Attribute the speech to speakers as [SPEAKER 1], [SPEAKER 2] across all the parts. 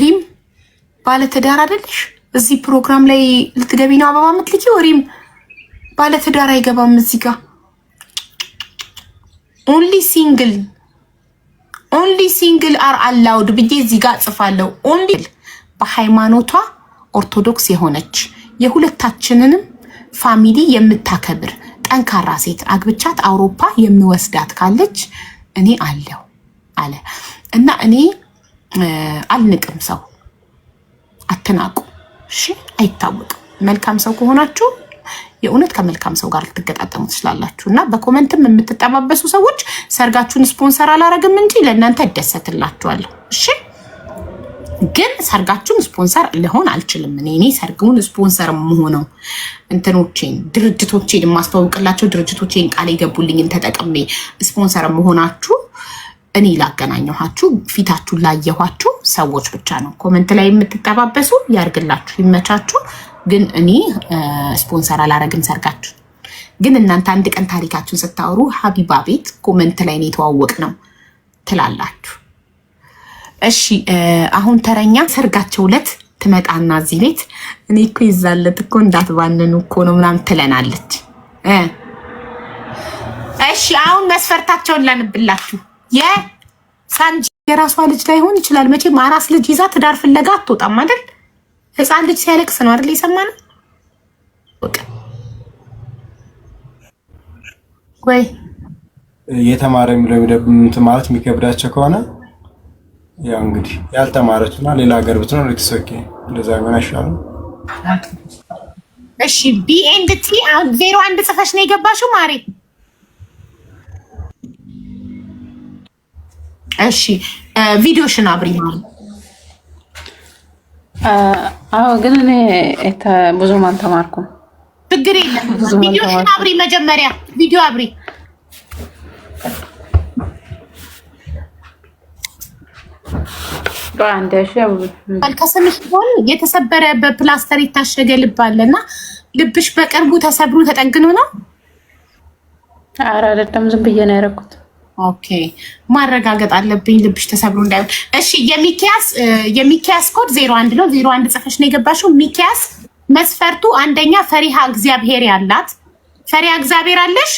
[SPEAKER 1] ሪም ባለትዳር አይደለሽ? እዚህ ፕሮግራም ላይ ልትገቢ ነው አበባ የምትልኪው? ሪም ባለትዳር አይገባም እዚህ ጋር ኦንሊ ሲንግል ኦንሊ ሲንግል አር አላውድ ብዬ እዚህ ጋር ጽፋለሁ። ኦንሊ በሃይማኖቷ ኦርቶዶክስ የሆነች የሁለታችንንም ፋሚሊ የምታከብር ጠንካራ ሴት አግብቻት አውሮፓ የምወስዳት ካለች እኔ አለው አለ እና እኔ አልንቅም። ሰው አትናቁ። እሺ፣ አይታወቅም። መልካም ሰው ከሆናችሁ የእውነት ከመልካም ሰው ጋር ልትገጣጠሙ ትችላላችሁ። እና በኮመንትም የምትጠባበሱ ሰዎች ሰርጋችሁን ስፖንሰር አላረግም እንጂ ለእናንተ እደሰትላችኋለሁ። እሺ፣ ግን ሰርጋችሁን ስፖንሰር ልሆን አልችልም። እኔ እኔ ሰርግውን ስፖንሰር የምሆነው እንትኖቼን ድርጅቶቼን የማስተዋውቅላቸው ድርጅቶቼን ቃል የገቡልኝን ተጠቅሜ ስፖንሰር መሆናችሁ እኔ ላገናኘኋችሁ ፊታችሁን ላየኋችሁ ሰዎች ብቻ ነው። ኮመንት ላይ የምትጠባበሱ ያርግላችሁ፣ ይመቻችሁ። ግን እኔ ስፖንሰር አላረግም ሰርጋችሁ። ግን እናንተ አንድ ቀን ታሪካችሁን ስታወሩ ሀቢባ ቤት ኮመንት ላይ ነው የተዋወቅ ነው ትላላችሁ። እሺ አሁን ተረኛ ሰርጋቸው ዕለት ትመጣና እዚህ ቤት እኔ እኮ ይዛለት እኮ እንዳትባንኑ እኮ ነው ምናምን ትለናለች። እሺ አሁን መስፈርታቸውን ላንብላችሁ። የህፃን የራሷ ልጅ ላይሆን ይችላል። መቼም አራስ ልጅ ይዛ ትዳር ፍለጋ አትወጣም አይደል? ህፃን ልጅ ሲያለቅስ ነው አይደል የሰማነው? ወይ
[SPEAKER 2] የተማረ የሚለው እንትን ማለት የሚከብዳቸው ከሆነ ያው እንግዲህ ያልተማረች ያልተማረችና ሌላ ሀገር ብትኖር ልትሰኪ እንደዛ ሆን አይሻሉ።
[SPEAKER 1] እሺ ቢ ኤንድ ቲ ዜሮ አንድ ጽፈሽ ነው የገባሽው ማሬ እሺ ቪዲዮሽን አብሪ
[SPEAKER 3] አዎ። ግን እኔ ብዙም አልተማርኩም።
[SPEAKER 1] ችግር የለም። ቪዲዮሽን አብሪ መጀመሪያ ቪዲዮ አብሪ። ከስምሽ ሆን የተሰበረ በፕላስተር የታሸገ ልብ እና ልብሽ በቅርቡ ተሰብሮ ተጠግኖ ነው።
[SPEAKER 3] ኧረ አይደለም፣ ዝም ብዬ ነው ያደረኩት።
[SPEAKER 1] ኦኬ ማረጋገጥ አለብኝ፣ ልብሽ ተሰብሮ እንዳይሆን። እሺ የሚኪያስ የሚኪያስ ኮድ ዜሮ አንድ ነው። ዜሮ አንድ ጽፈሽ ነው የገባሽው። ሚኪያስ መስፈርቱ አንደኛ ፈሪሃ እግዚአብሔር ያላት። ፈሪሃ እግዚአብሔር አለሽ?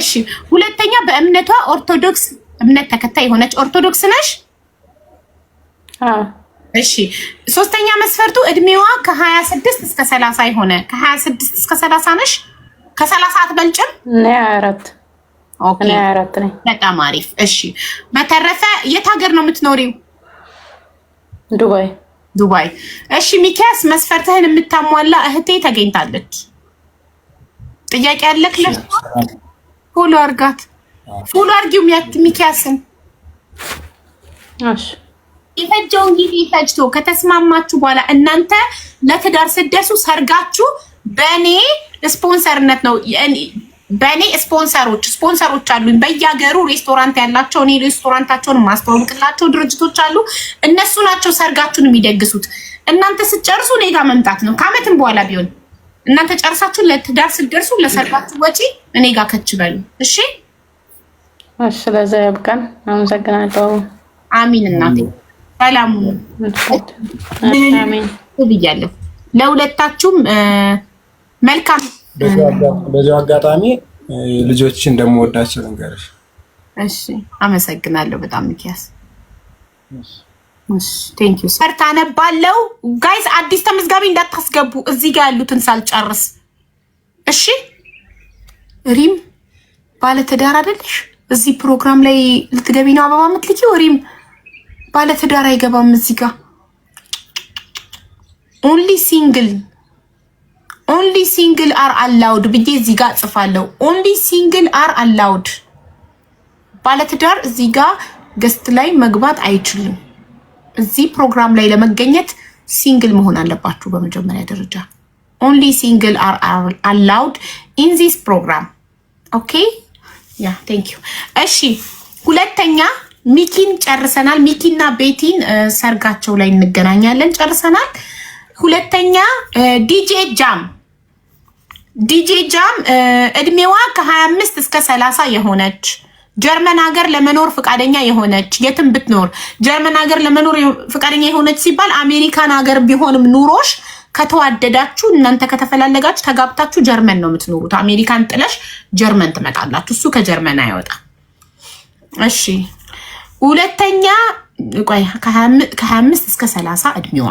[SPEAKER 1] እሺ። ሁለተኛ በእምነቷ ኦርቶዶክስ እምነት ተከታይ የሆነች ኦርቶዶክስ ነሽ? እሺ። ሶስተኛ መስፈርቱ እድሜዋ ከሀያ ስድስት እስከ ሰላሳ የሆነ ከሀያ ስድስት እስከ ሰላሳ ነሽ? ከሰላሳ አትበልጭም?
[SPEAKER 3] አራት አራት ነኝ።
[SPEAKER 1] በጣም አሪፍ። እሺ፣ በተረፈ የት ሀገር ነው የምትኖሪው? ዱባይ ዱባይ። እሺ፣ ሚኪያስ መስፈርትህን የምታሟላ እህቴ ተገኝታለች። ጥያቄ ያለክ ለ ፎሎ አርጋት፣ ፎሎ አርጊው ሚኪያስን የፈጀውን ጊዜ ፈጅቶ ከተስማማችሁ በኋላ እናንተ ለትዳር ስደሱ ሰርጋችሁ በእኔ ስፖንሰርነት ነው። በእኔ ስፖንሰሮች ስፖንሰሮች አሉ በየሀገሩ ሬስቶራንት ያላቸው እኔ ሬስቶራንታቸውን ማስተዋወቅላቸው ድርጅቶች አሉ። እነሱ ናቸው ሰርጋችሁን የሚደግሱት። እናንተ ስትጨርሱ እኔ ጋር መምጣት ነው። ከአመትም በኋላ ቢሆን እናንተ ጨርሳችሁ ለትዳር ስትደርሱ ለሰርጋችሁ ወጪ እኔ ጋር ከች በሉ። እሺ፣
[SPEAKER 3] ስለዛ ያብቃን። አመሰግናለሁ።
[SPEAKER 1] አሚን። እናቴ ሰላሙ ብያለሁ። ለሁለታችሁም መልካም
[SPEAKER 2] በዚሁ አጋጣሚ ልጆች እንደምወዳቸው ልንገርሽ።
[SPEAKER 1] እሺ፣ አመሰግናለሁ በጣም ሚኪያስ። ቴንክ ዩ ጋይስ አዲስ ተመዝጋቢ እንዳታስገቡ እዚህ ጋር ያሉትን ሳልጨርስ። እሺ፣ ሪም ባለትዳር አይደለሽ? እዚህ ፕሮግራም ላይ ልትገቢ ነው አበባ የምትልኪው? ሪም ባለትዳር አይገባም እዚህ ጋር ኦንሊ ሲንግል ኦንሊ ሲንግል አር አላውድ ብዬ እዚህ ጋር ጽፋለሁ። ኦንሊ ሲንግል አር አላውድ። ባለትዳር እዚህ ጋር ገስት ላይ መግባት አይችልም። እዚህ ፕሮግራም ላይ ለመገኘት ሲንግል መሆን አለባችሁ። በመጀመሪያ ደረጃ ኦንሊ ሲንግል አር አላውድ ኢን ዚስ ፕሮግራም። ኦኬ ያ ቴንክ ዩ። እሺ ሁለተኛ ሚኪን ጨርሰናል። ሚኪና ቤቲን ሰርጋቸው ላይ እንገናኛለን። ጨርሰናል። ሁለተኛ ዲጄ ጃም ዲጄ ጃም እድሜዋ ከ25 እስከ 30 የሆነች ጀርመን ሀገር ለመኖር ፈቃደኛ የሆነች የትም ብትኖር ጀርመን ሀገር ለመኖር ፈቃደኛ የሆነች ሲባል አሜሪካን ሀገር ቢሆንም ኑሮሽ ከተዋደዳችሁ እናንተ ከተፈላለጋችሁ ተጋብታችሁ ጀርመን ነው የምትኖሩት። አሜሪካን ጥለሽ ጀርመን ትመጣላችሁ። እሱ ከጀርመን አይወጣ። እሺ ሁለተኛ ከ25 እስከ 30 እድሜዋ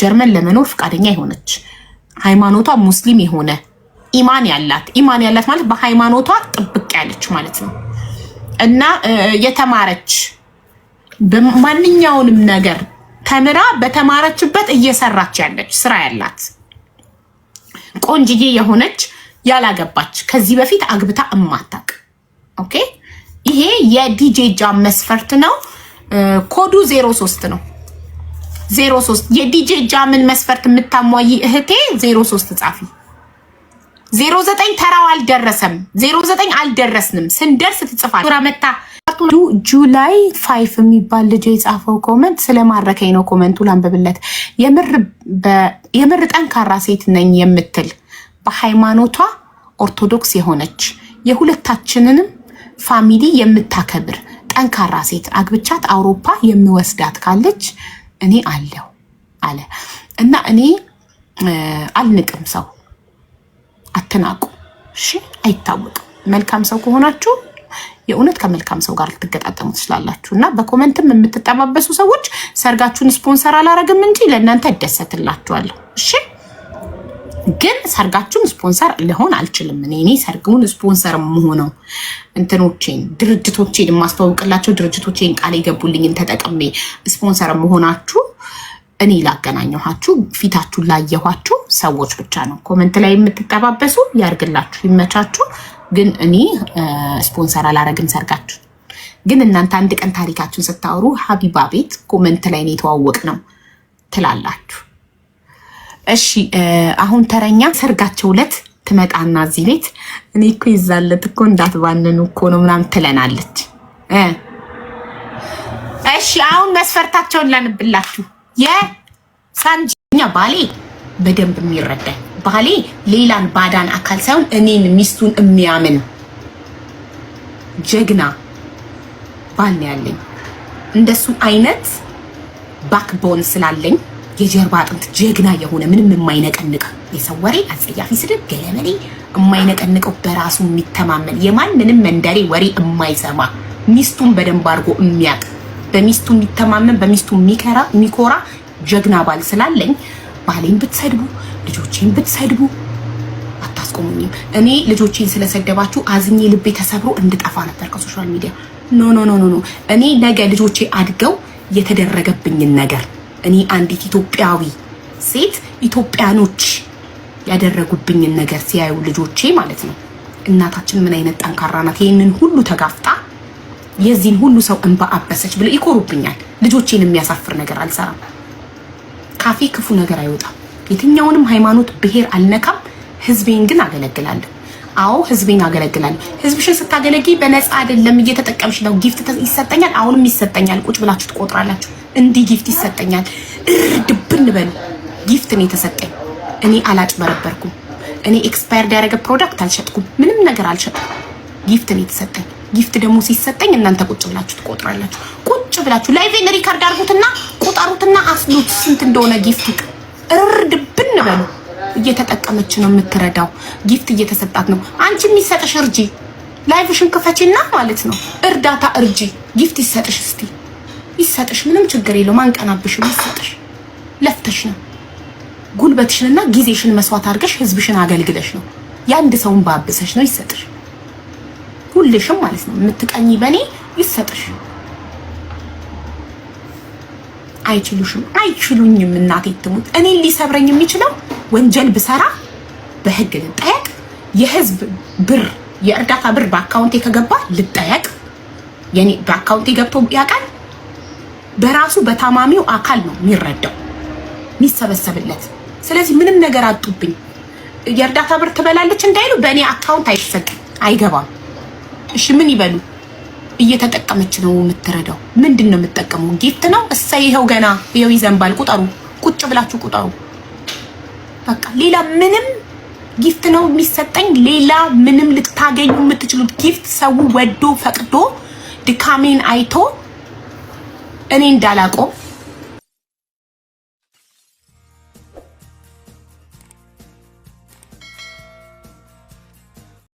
[SPEAKER 1] ጀርመን ለመኖር ፈቃደኛ የሆነች ሃይማኖቷ ሙስሊም የሆነ ኢማን ያላት ኢማን ያላት ማለት በሃይማኖቷ ጥብቅ ያለች ማለት ነው እና የተማረች ማንኛውንም ነገር ተምራ በተማረችበት እየሰራች ያለች ስራ ያላት ቆንጅዬ የሆነች ያላገባች ከዚህ በፊት አግብታ እማታቅ ኦኬ ይሄ የዲጄ መስፈርት ነው ኮዱ ዜሮ ሶስት ነው ዜሮ ሶስት የዲጄ ጃምን መስፈርት የምታሟይ እህቴ ዜሮ ሶስት ጻፊ። ዜሮ ዘጠኝ ተራው አልደረሰም። ዜሮ ዘጠኝ አልደረስንም። ስንደርስ ትጽፋል። ራ መታ ጁላይ ፋይፍ የሚባል ልጅ የጻፈው ኮመንት ስለማረከኝ ነው። ኮመንቱ ላንብብለት። የምር ጠንካራ ሴት ነኝ የምትል በሃይማኖቷ ኦርቶዶክስ የሆነች የሁለታችንንም ፋሚሊ የምታከብር ጠንካራ ሴት አግብቻት አውሮፓ የምወስዳት ካለች እኔ አለሁ አለ እና እኔ አልንቅም። ሰው አትናቁ፣ እሺ። አይታወቅም። መልካም ሰው ከሆናችሁ የእውነት ከመልካም ሰው ጋር ልትገጣጠሙ ትችላላችሁ። እና በኮመንትም የምትጠባበሱ ሰዎች ሰርጋችሁን ስፖንሰር አላረግም እንጂ ለእናንተ እደሰትላችኋለሁ። እሺ ግን ሰርጋችሁን ስፖንሰር ልሆን አልችልም። እኔ እኔ ሰርግውን ስፖንሰር መሆነው እንትኖቼን ድርጅቶቼን የማስተዋውቅላቸው ድርጅቶቼን ቃል የገቡልኝን ተጠቅሜ ስፖንሰር መሆናችሁ እኔ ላገናኘኋችሁ ፊታችሁ ላየኋችሁ ሰዎች ብቻ ነው። ኮመንት ላይ የምትጠባበሱ ያርግላችሁ፣ ይመቻችሁ። ግን እኔ ስፖንሰር አላረግም ሰርጋችሁ። ግን እናንተ አንድ ቀን ታሪካችሁን ስታወሩ ሀቢባ ቤት ኮመንት ላይ ነው የተዋወቅ ነው ትላላችሁ። እሺ አሁን ተረኛ ሰርጋቸው ዕለት ትመጣና እዚህ ቤት እኔ እኮ ይዛለት እኮ እንዳትባንኑ እኮ ነው ምናምን ትለናለች። እሺ አሁን መስፈርታቸውን ላንብላችሁ። የሳንጂኛ ባሌ በደንብ የሚረዳኝ ባሌ ሌላን ባዳን አካል ሳይሆን እኔን ሚስቱን የሚያምን ጀግና ባል ነው ያለኝ። እንደሱ አይነት ባክቦን ስላለኝ የጀርባ አጥንት ጀግና የሆነ ምንም የማይነቀንቅ የሰው ወሬ አጸያፊ ስድብ ገለመኔ የማይነቀንቀው በራሱ የሚተማመን የማንንም መንደሬ ወሬ የማይሰማ ሚስቱን በደንብ አድርጎ የሚያቅ በሚስቱ የሚተማመን በሚስቱ የሚከራ የሚኮራ ጀግና ባል ስላለኝ ባሌን ብትሰድቡ ልጆቼን ብትሰድቡ አታስቆሙኝም። እኔ ልጆቼን ስለሰደባችሁ አዝኜ ልቤ ተሰብሮ እንድጠፋ ነበር ከሶሻል ሚዲያ። ኖ ኖ ኖ ኖ። እኔ ነገ ልጆቼ አድገው የተደረገብኝን ነገር እኔ አንዲት ኢትዮጵያዊ ሴት ኢትዮጵያኖች ያደረጉብኝን ነገር ሲያዩ ልጆቼ ማለት ነው እናታችን ምን አይነት ጠንካራ ናት፣ ይህንን ሁሉ ተጋፍጣ የዚህን ሁሉ ሰው እንባ አበሰች ብለው ይኮሩብኛል። ልጆቼን የሚያሳፍር ነገር አልሰራም። ካፌ ክፉ ነገር አይወጣም። የትኛውንም ሃይማኖት፣ ብሔር አልነካም። ህዝቤን ግን አገለግላለሁ። አዎ ህዝቤን አገለግላለሁ። ህዝብሽን ስታገለጊ በነፃ አይደለም እየተጠቀምሽ ነው። ጊፍት ይሰጠኛል፣ አሁንም ይሰጠኛል። ቁጭ ብላችሁ ትቆጥራላችሁ። እንዲህ ጊፍት ይሰጠኛል። እርድ ብንበል ጊፍት ነው የተሰጠኝ። እኔ አላጭበረበርኩም። እኔ ኤክስፓየርድ ያደረገ ፕሮዳክት አልሸጥኩም። ምንም ነገር አልሸጥኩም። ጊፍት ነው የተሰጠኝ። ጊፍት ደግሞ ሲሰጠኝ እናንተ ቁጭ ብላችሁ ትቆጥራላችሁ። ቁጭ ብላችሁ ላይቬን ሪካርድ አድርጉትና ቁጠሩትና አስሉት ስንት እንደሆነ ጊፍት። እርድ ብን እየተጠቀመች ነው የምትረዳው። ጊፍት እየተሰጣት ነው። አንቺ የሚሰጥሽ እርጂ። ላይቭሽን ክፈቺና ማለት ነው እርዳታ እርጂ። ጊፍት ይሰጥሽ እስቲ ይሰጥሽ፣ ምንም ችግር የለውም። አንቀናብሽም፣ ይሰጥሽ። ለፍተሽ ነው ጉልበትሽንና ጊዜሽን መስዋዕት አድርገሽ ህዝብሽን አገልግለሽ ነው የአንድ ሰውን ባብሰሽ ነው ይሰጥሽ። ሁልሽም ማለት ነው የምትቀኝ በኔ ይሰጥሽ። አይችሉሽም፣ አይችሉኝም። እናቴ ትሙት እኔን ሊሰብረኝ የሚችለው ወንጀል ብሰራ በህግ ልጠየቅ፣ የህዝብ ብር የእርዳታ ብር በአካውንቴ ከገባ ልጠየቅ። የኔ በአካውንቴ ገብቶ ያውቃል በራሱ በታማሚው አካል ነው የሚረዳው የሚሰበሰብለት። ስለዚህ ምንም ነገር አጡብኝ የእርዳታ ብር ትበላለች እንዳይሉ በእኔ አካውንት አይሰጥም፣ አይገባም። እሺ ምን ይበሉ? እየተጠቀመች ነው የምትረዳው። ምንድን ነው የምጠቀመው? ጊፍት ነው። እሰይ ይኸው ገና ይኸው ይዘንባል። ቁጠሩ፣ ቁጭ ብላችሁ ቁጠሩ። በቃ ሌላ ምንም ጊፍት ነው የሚሰጠኝ። ሌላ ምንም ልታገኙ የምትችሉት ጊፍት ሰው ወዶ ፈቅዶ ድካሜን አይቶ እኔ እንዳላቆም